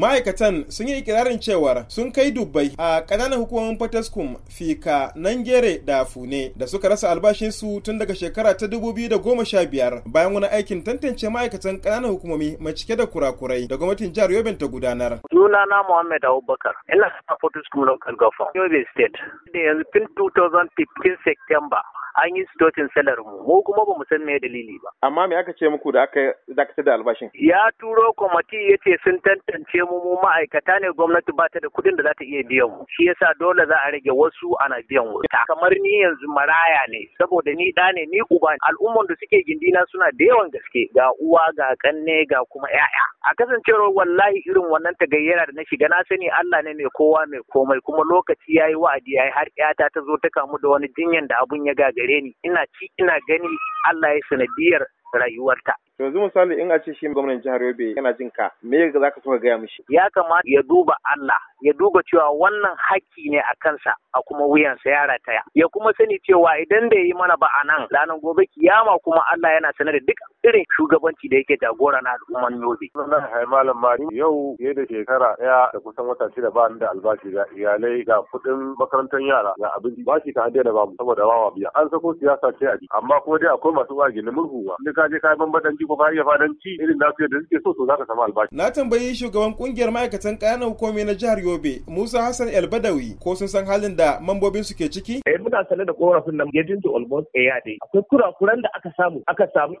ma'aikatan sun yi ikirarin cewar sun kai dubbai a ƙananan hukumomin fataskum fika nangere da fune da suka rasa albashinsu tun daga shekara ta dubu biyu da goma sha biyar bayan wani aikin tantance ma'aikatan ƙananan hukumomi mai cike da kurakurai da gwamnatin jihar yobe ta gudanar sunana muhammad abubakar ina sa fataskum local government yobe state da yanzu tun 2015 september an yi stokin salar mu mu kuma ba mu san me dalili ba amma me aka ce muku da aka dakatar da albashin ya turo kwamati yace sun tantance mu mu ma'aikata ne gwamnati ba ta da kuɗin da za ta iya biyan mu shi yasa dole za a rage wasu ana biyan wasu kamar ni yanzu maraya ne saboda ni da ne ni uba al'umman da suke gindina suna da yawan gaske ga uwa ga kanne ga kuma yaya a kasancewar wallahi irin wannan tagayyara da na shiga na sani Allah ne mai kowa mai komai kuma lokaci yayi wa'adi yayi har yata ta zo ta kamu da wani jinyan da abun ya gaga gare ni ina ci ina gani Allah ya sanadiyar rayuwarta yanzu misali in a ce shi gwamnan jihar Yobe yana jin ka me za ka so ka gaya mishi ya kamata ya duba Allah ya duba cewa wannan haƙƙi ne a kansa a kuma wuyansa ya rataya ya kuma sani cewa idan da yi mana ba a nan ranar gobe kiyama kuma Allah yana sanar da duk irin shugabanci da yake jagora na al'umman Yobe sunan hai malam mari yau fiye da shekara ɗaya da kusan wata shida ba da albashi ga iyalai ga kuɗin makarantar yara ga abinci ba shi ta hadiyar da babu. saboda wawa biya an sako siyasa ce a amma kuma dai akwai masu wajen murhuwa ka je ka yi ko ba iya ci irin su yadda suke so to za ka samu albashi. Na tambayi shugaban kungiyar ma'aikatan ƙananan hukumi na jihar Yobe Musa Hassan El Badawi ko sun san halin da mambobin su ke ciki? Eh, muna sanar da korafin nan ya to almost a ya dai akwai kurakuran da aka samu aka samu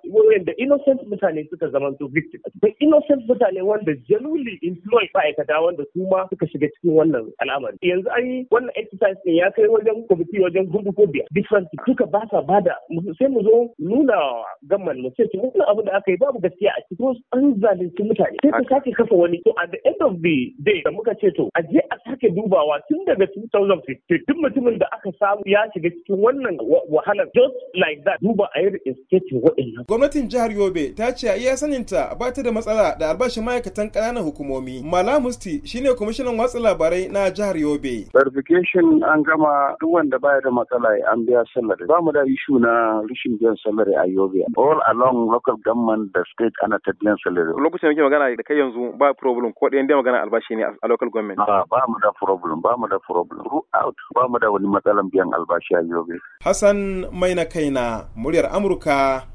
da innocent mutane suka zamanto victim akwai innocent mutane wanda genuinely employed aikata wanda su ma suka shiga cikin wannan al'amari yanzu an yi wannan exercise ne ya kai wajen committee wajen hudu ko biyar different suka ba sa bada sai mu zo nuna gamman mu ce wannan abu da aka yi babu gaskiya a cikin an zalunci mutane sai ka sake kafa wani to at the end of the day da muka ce to a je a sake dubawa tun daga 2015 duk mutumin da aka samu ya ya shiga cikin wannan wahalar just like that duba a yi reinstating waɗannan. Gwamnatin jihar Yobe ta ce a iya saninta ba ta da matsala da albashin ma'aikatan ƙananan hukumomi. Mala Musti shine kwamishinan watsa labarai na jihar Yobe. Verification an gama duk wanda baya da matsala an biya salari. Ba mu da ishu na rashin biyan salari a Yobe. All along local government da state ana ta biyan salari. Lokacin da muke magana da kai yanzu ba problem ko ɗayan da magana albashi ne a local government. Ba mu da problem ba mu da problem. Throughout ba mu da wani matsalan biyan albashi. Hassan Yobe. Hassan Maina Kaina, muryar Amurka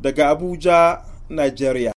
daga Abuja, Nigeria.